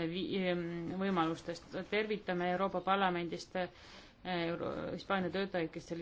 Eh, ehm, võimalustest. tervitame Euroopa Parlamendist eh, Euro Hispaania töötajaid, kes selle